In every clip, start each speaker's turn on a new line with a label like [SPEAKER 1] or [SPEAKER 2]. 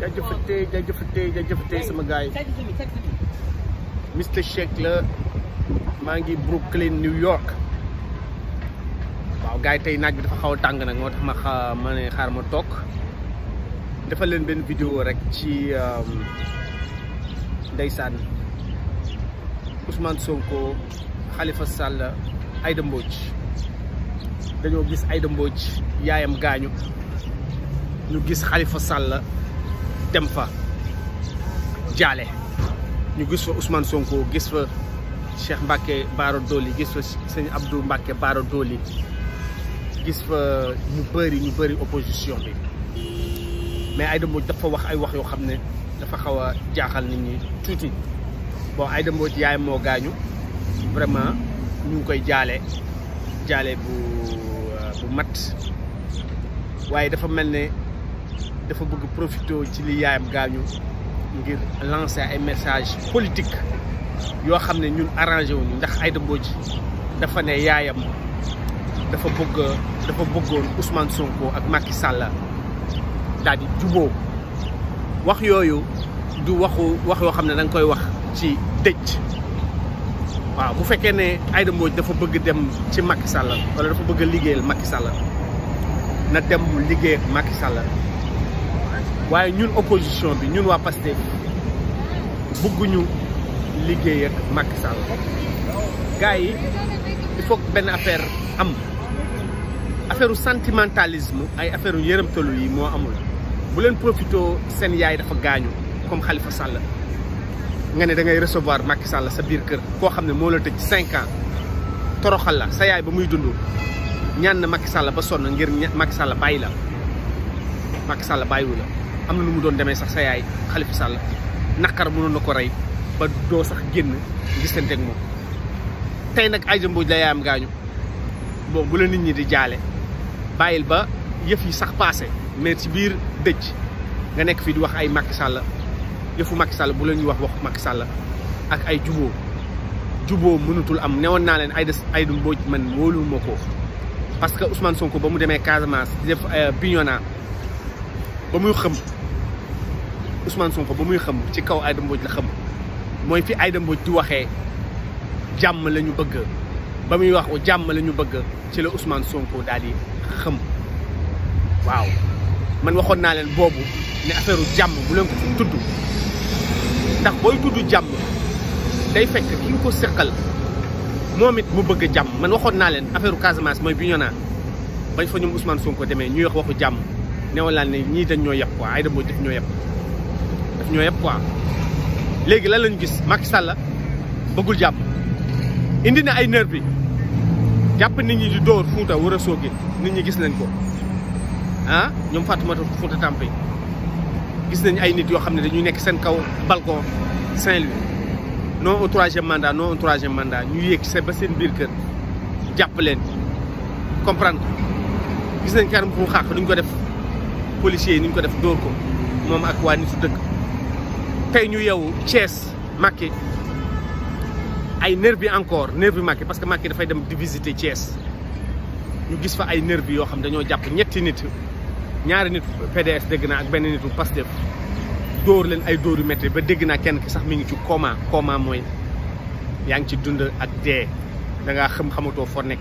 [SPEAKER 1] jaajëfatee jaajëfatee jaajëfatee sama gars yi Mister la maa ngi Brooklyn New York waaw gars tey naaj bi dafa xaw a tàng nag moo tax ma xa ma ne xaar ma toog defal leen benn vidéo rek ci um, ndeysaan Ousmane Sonko Khalifa Sall Aïda Mbodj dañoo gis Aïda Mbodj yaayam gaañu ñu gis xalifa Sall dem fa jaale ñu gis fa Ousmane Sonko gis fa Cheikh Mbacke Baara Doli gis fa sëñ Abdou baro Baara Doli gis fa ñu bëri ñu bëri opposition bi mais Aïda Mbodj dafa wax ay wax yoo xam ne dafa xaw a jaaxal nit ñi tuuti bon Aïda Mbodj yaay moo gaañu vraiment ñu koy jaale jaale bu euh, bu mat waaye dafa mel ne dafa bëgg profité ci li yaayam gaañu ngir lancer ay message politique yoo xam ne ñun arrangé wuñu ndax Aïda Mbodj dafa ne yaayam dafa bëgg dafa bëggoon Ousmane Sonko ak Macky sàlla daal di juboo wax yooyu du waxu wax yoo xam ne da koy wax ci dëj waaw bu fekkee ne Aïda Mbodj dafa bëgg dem ci Macky Sall wala dafa bëgg liggéeyal Macky Sall na dem mu liggéey ak Macky Sall waye ñun opposition bi ñun pasté bëggu ñu liggéey ak Macky Sall gaay il faut ben affaire am affaire sentimentalisme ay affaire yërëmtalu yi mo amul bu len profito sen yaay dafa gañu comme Khalifa Sall nga ne da ngay recevoir Macky Sall sa biir kër ko xam mo la tecc 5 ans toroxal la sa yaay ba muy dundu ñaan na Macky Sall ba son ngir Macky Sall bayila Macky Sall bàyyiwu la am na nu mu doon demee sax sa yaay Khalifa Sall naqar mënoon na ko rey ba doo sax génn gisante ak moom tey nag Aïda Mbodj la yaayam gaañu bon bu la nit ñi di jaale bàyyil ba yëf yi sax passé mais ci biir dëj nga nekk fii di wax ay Macky Sall yëfu Macky Sall bu la ñuy wax wax Macky Sall ak ay juboo juboo mënatul am newoon naa leen Aïda Aïda Mbodj man wóolu ma ko parce que Ousmane Sonko ba mu demee Casamance di def euh, Bignona ba muy xëm Ousmane Sonko ba muy xam ci kaw Aïda Mbodj la xam mooy fi Aïda Mbodj di waxee jàmm la ñu bëgg ba muy wax jàmm la ñu bëgg ci la Ousmane Sonko daal di xam waaw man waxoon naa leen boobu ne affaire jàmm bu leen ko fi tudd ndax booy tudd jàmm day fekk ki ñu seqal moom it mu bëgg jàmm man waxoon naa leen affaire Casamance mooy Bignona bañ fa ñoom Ousmane Sonko demee ñuy wax waxu jàmm newoon naa ne ñii dañ ñoo yab waa Aïda Mbodj daf ñoo yab ñëpp ñoo yëpp quoi léegi lan lañu gis Macky Sall bëggul jàpp indi na ay nerf bi jàpp nit ñi di dóor Fuuta war a soogi nit ñi gis nañ ko ah ñoom Fatoumata Fuuta Tampi gis nañ ay nit yoo xam ne dañuy nekk seen kaw balcon Saint-Louis non au troisième mandat non au troisième mandat ñu yéeg seen ba seen biir kër jàpp leen comprendre gis nañ karam fu xàq nuñ ko def policiers yi nuñ ko def dóor ko moom ak waa nitu dëkk tay ñu yow ties maké ay bi encore bi maké parce que da fay dem di visiter ties ñu gis fa ay nerve yo xam dañu japp ñetti nit ñaari nit PDS dégg na ak benn nitu Pastef door leen ay dóor yu métti ba dégg na kenn ki sax mi ngi ci coma coma moy yang ci dund ak dé da nga xam xamato fo nek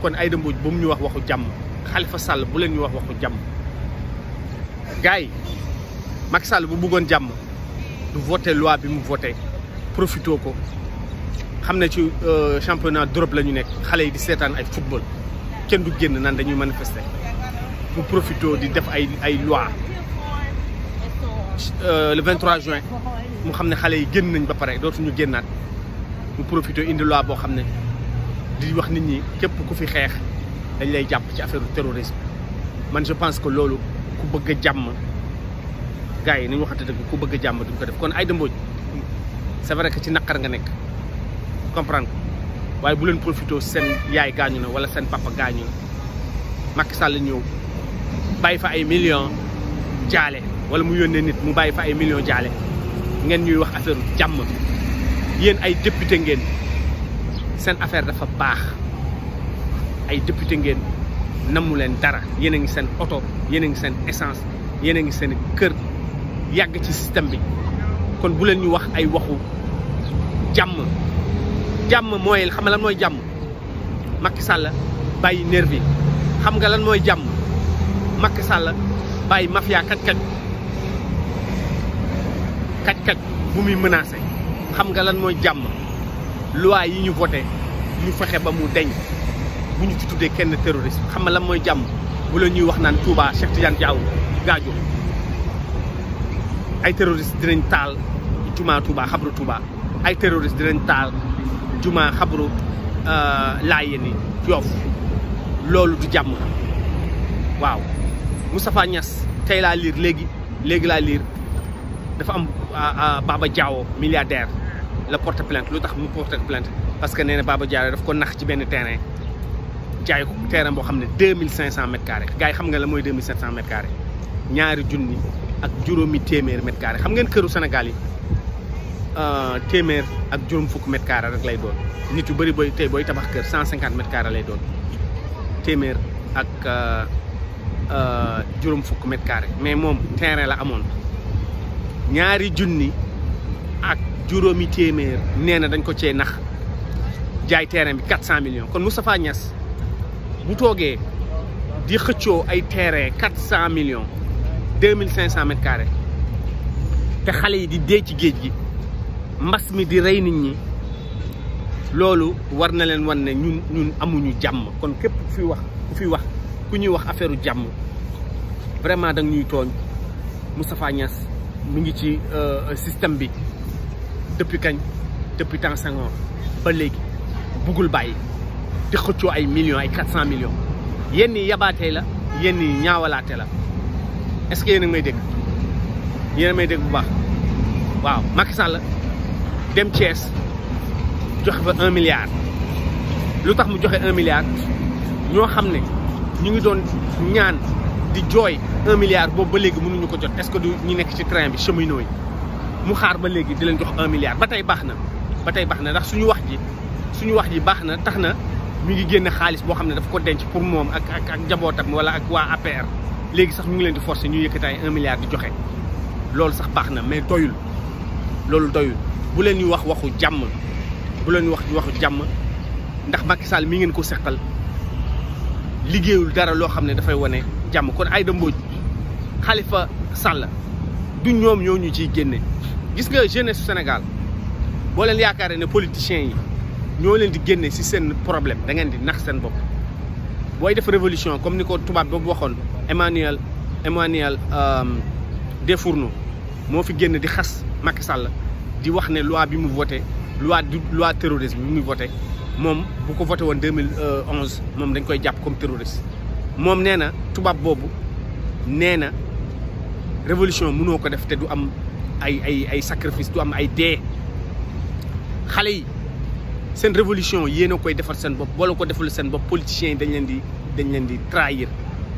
[SPEAKER 1] kon ay dëmbooj bu mu ñu wax waxu jam Khalifa Sall bu leen ñu wax waxu jam gay Maxal Sall bu bëggoon Vous du loi vous mu profitez ko ne euh, championnat d'Europe la di football kenn du de nan manifester Vous di def ay loi euh, le 23 juin mu xam que yi génn nañ loi ne wax nit ñi est ku terrorisme je pense que ku bëgg de gars yi nañu waxante dëgg ko bëgg jàmm duñ ko def kon Aïda Mbodj c'est vrai que ci naqar nga nekk comprendre ko waaye bu leen profité seen yaay gaañu na wala seen papa gaañu na Macky Sall ñëw bàyyi fa ay millions jaale wala mu yónnee nit mu bàyyi fa ay millions jaale ngeen ñuy wax affaire jàmm yéen ay député ngeen seen affaire dafa baax ay député ngeen namu leen dara yéen a ngi seen oto yéen a ngi seen essence yéen a ngi seen kër. yag ci système bi kon bu len ñu wax ay waxu jam jam moy xam lan moy jam Macky Sall nervi xam nga lan moy jam Macky Sall bay mafia kat kat kat menase, bu mi menacer xam nga lan moy jam loi yi ñu voté ñu fexé ba mu deñ bu ñu ci tuddé kenn terroriste xam nga lan moy jam bu la ñuy wax naan Touba Cheikh Tidiane Diaw gaajo ay terroriste dinañ taal jumaa tubaa xabru tubaa ay terroriste dinañ taal jumaa xabru euh, Laayeen Yoof loolu du jàmm waaw Moustapha Niass tey laa liir léegi léegi laa liir dafa am euh, euh, Baba Diawo milliardaire la porte plainte lu tax mu porte plainte parce que nee na Baba Diawo ko nax ci benn terrain jaay ko boo xam ne deux mille cinq cent mètres xam nga la mooy deux mille cinq cent mètres carrés ñaari junni ak juróomi téeméer mètre carré xam ngeen këru Sénégal yi euh, téeméer ak juróom fukk mètre carré rek lay doon nit yu bëri booy tey booy tabax kër cent cinquante mètre carré doon téeméer ak euh, euh, juróom fukk mètre carré mais moom terrain la amoon ñaari junni ak juróomi téeméer nee na dañ ko cee nax jaay terrain bi quatre cent millions kon Moustapha Niass bu toogee di xëccoo ay terrain quatre cent millions deux mille cinq cent mètres carrés te xale yi di dee ci géej gi mbas mi di rey nit ñi loolu war na leen wan ne ñun ñun amuñu jàmm kon képp ku fi wax ku fi wax ku ñuy wax affaire jàmm vraiment da ñuy tooñ Moustapha Niass mu ngi ci euh, système bi depuis kañ depuis temps ba léegi buggul bàyyi di xëccoo ay millions ay quatre cent millions yenn yi yabaatee la yenn ñaawalaate la est-ce que yéen a may dégg yéen may dégg bu baax waaw Macky Sall dem Thiès jox fa un milliard lu tax mu joxe un milliard ñoo xam ne ñu ngi doon ñaan di jooy un milliard boobu ba léegi mënuñu ko jot est-ce que du ñu nekk ci train bi cheminot yi mu xaar ba léegi di leen jox un milliard ba tey baax na ba tey baax na ndax suñu wax ji suñu wax ji baax na tax na mu ngi génn xaalis boo xam ne daf ko denc pour moom ak ak ak njabootam wala ak waa APR Les sax ñu ngi leen di ñu milliard di joxe loolu sax baax mais doyul loolu doyul bu leen ñu wax waxu jàmm bu leen wax waxu jàmm ndax Macky Sall mi ngeen ko seqal liggéeyul dara loo xam ne dafay wane jàmm kon Mbodj Khalifa Sall du ñoom ñoo ñu ciy gis nga jeunesse Sénégal boo leen politiciens yi ñoo leen di problème da ngeen di révolution comme ni ko tubaab Emmanuel Emmanuel euh, Defourno, mo fi génn di xas Macky Sall di wax né loi bi mu voté loi du loi terrorisme bi mu voté mom bu ko voté won 2011 mom dañ koy japp comme terroriste mom néna tubab bobu néna révolution mënoo ko def té du am ay ay ay sacrifice du am ay dé xalé yi sen révolution yéen koy défar sen bopp boo la ko defal seen bopp politiciens dañ leen di dañ leen di trahir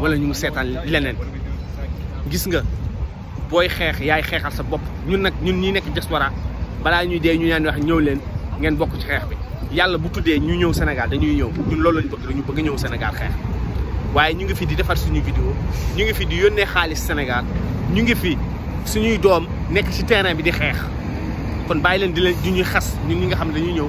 [SPEAKER 1] wala ñu mu seetaan leneen gis nga booy xeex yaay xeexal sa bopp ñun nag ñun ñi nekk diaspora balaa ñuy dee ñu naan wax ñëw leen ngeen bokk ci xeex bi yàlla bu tuddee ñu ñëw Sénégal dañuy ñëw ñun loolu lañ bëgg dañu bëgg ñëw senegal xeex waaye ñu ngi fi di defar suñu vidéo ñu ngi fi di yónnee xaalis senegal ñu ngi fi suñuy doom nekk ci terrain bi di xeex kon bàyyi leen di leen di ñuy xas ñun ñi nga xam dañuy ñëw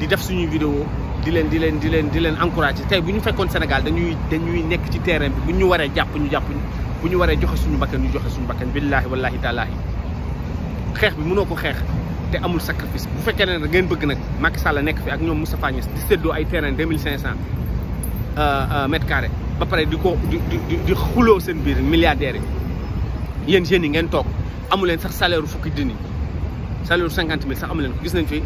[SPEAKER 1] di def suñuy vidéo di leen di leen di leen di leen encouragé tey bu ñu fekkoon Sénégal dañuy dañuy nekk ci terrain bi bu ñu waree jàpp ñu jàpp ñu bu ñu waree joxe suñu bakkan ñu joxe suñu bakkan billaahi wallaahi taalaahi xeex bi mënoo ko xeex te amul sacrifice bu fekkee ne ngeen bëgg nag Macky Sall nekk fi ak ñoom Moustapha Niasse di séddoo ay terrain 2500 euh, euh, mètres carrés ba pare di ko di xuloo seen biir milliardaires yi yéen jeunes yi ngeen toog amu leen sax salaire fukki dini salaire cinquante mille sax amu leen gis nañ fi.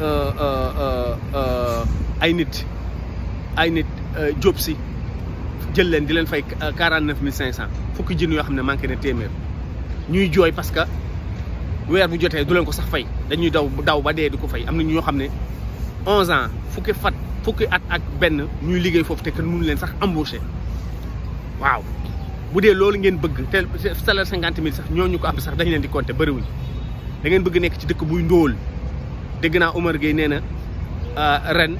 [SPEAKER 1] Euh, ay nit ay nit job euh, si jël leen di leen fay euh, quarante neuf mille cinq cent fukki jën yoo xam ne manqué ne téeméer ñuy jooy parce que weer bu jotee du leen ko sax fay dañuy daw daw ba dee di ko fay am na ñoo xam ne onze ans fukki fat fukki at ak benn ñuy liggéey foofu te kenn mënu leen sax embauché waaw bu dee loolu ngeen bëgg te salaire cinquante mille sax ñooñu ko am sax dañ leen di compter bëriwuñ da ngeen bëgg nekk ci dëkk buy ndóol dégg naa Omar Gueye nee na euh, ren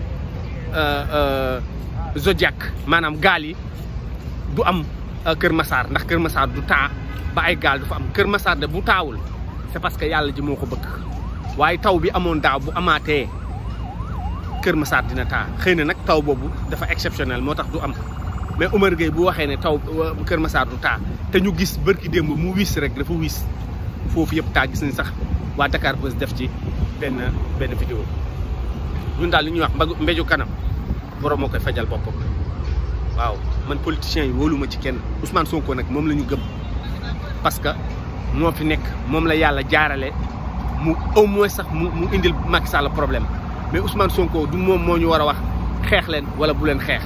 [SPEAKER 1] Euh, euh, zodiac maanaam gaal yi du am euh, Kër masaar ndax Kër Massar du taa ba ay gaal du fa am Kër Massar de bu taawul c'est parce que yàlla ji moo ko bëgg waaye taw bi amoon daaw bu amaatee Kër Massar dina taa xëy na nag taw boobu dafa exceptionnel moo tax du am mais Oumar Gueye bu waxee ne taw Kër masaar du taa te ñu gis bërki démb mu wis rek dafa wis foofu yëpp taa gis nañ sax waa Dakar Buzz def ci benn benn ñun daal li ñuy wax mbéju kanam borom moo koy fajal boppam waaw man politiciens yi wóoluma ci kenn usman Sonko nag moom la ñu gëm parce que moo fi nekk moom la yàlla jaarale mu au moins sax mu mu indil Macky Sall problème mais Ousmane Sonko du moom moo ñu war a wax xeex leen wala bu leen xeex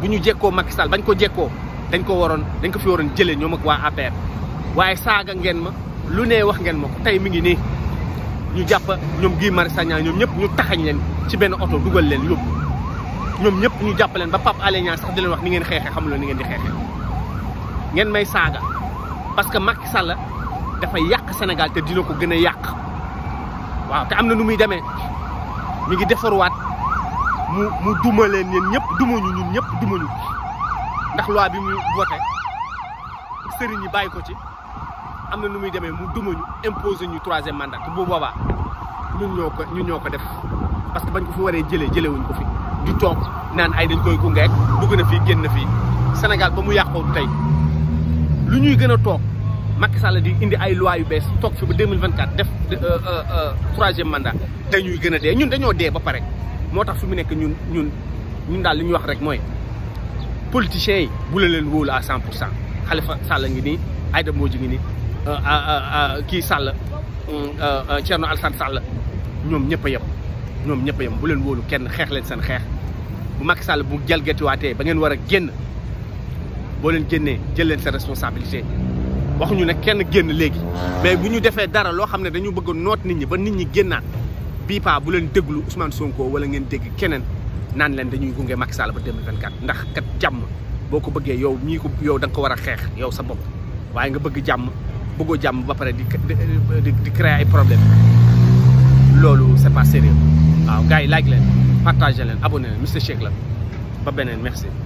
[SPEAKER 1] bu ñu jekkoo Macky Sall bañ ko jekkoo dañ ko waroon dañ ko fi waroon jëlee ñoom ak waa APR waaye saaga ngeen ma lu ne wax ngeen ma ko tey mi ngi nii. ñu jàpp ñoom Guy Marius Sagna ñoom ñëpp ñu taxañ leen ci benn oto dugal leen yóbbu ñoom ñëpp ñu jàpp leen ba Pape Alé Niang sax di leen wax ni ngeen xeexee xamuloo ni ngeen di xeexee ngeen may saaga parce que Macky sala dafa yàq senegal te dina ko gën a yàq waaw te am na nu muy demee ñu ngi defarwaat mu mu duma leen ñun ñëpp dumañu ñun ñëpp dumañu ndax loi bi mu voté sëriñ yi bàyyi ko ci. Nous imposé imposer troisième mandat Nous bu nous ñun ñun parce que nous ko fi waree fait. Nous wuñ ko fi du toog naan Nous dañ koy que choses. Sénégal ba mu Nous avons lu ñuy nous fait toog nous di indi 2024 def euh, euh, euh, troisième mandat Nous gën nous ñun dañoo nous ba pare moo Nous avons mu Nous nous politiciens à 100 Nous Khalifa Sall ngi Euh, kii Sall mm, euh, euh, Thierno Alassane Sall ñoom ñëpp a ñoom ñëpp a bu leen wóolu kenn xeex leen seen xeex bu Macky Sall bu jalgatiwaatee ba ngeen war a génn boo leen génnee jëleen leen seen responsabilité waxuñu ne kenn génn léegi mais bu ñu defee dara loo xam ne dañu bëgg noot nit ñi ba nit ñi génnaat bii paa bu leen déglu Ousmane Sonko wala ngeen dégg keneen naan leen dañuy gunge Macky Sall ba 2024 ndax kat jàmm boo ko bëggee yow mii ko yow da nga ko war a xeex yow sa bopp waaye nga bëgg jàmm bëggoo jàmm ba pare di di créer ay problème loolu c'est pas sérieux waaw gars yi like leen partage leen abonné leen Mister Shake la ba beneen merci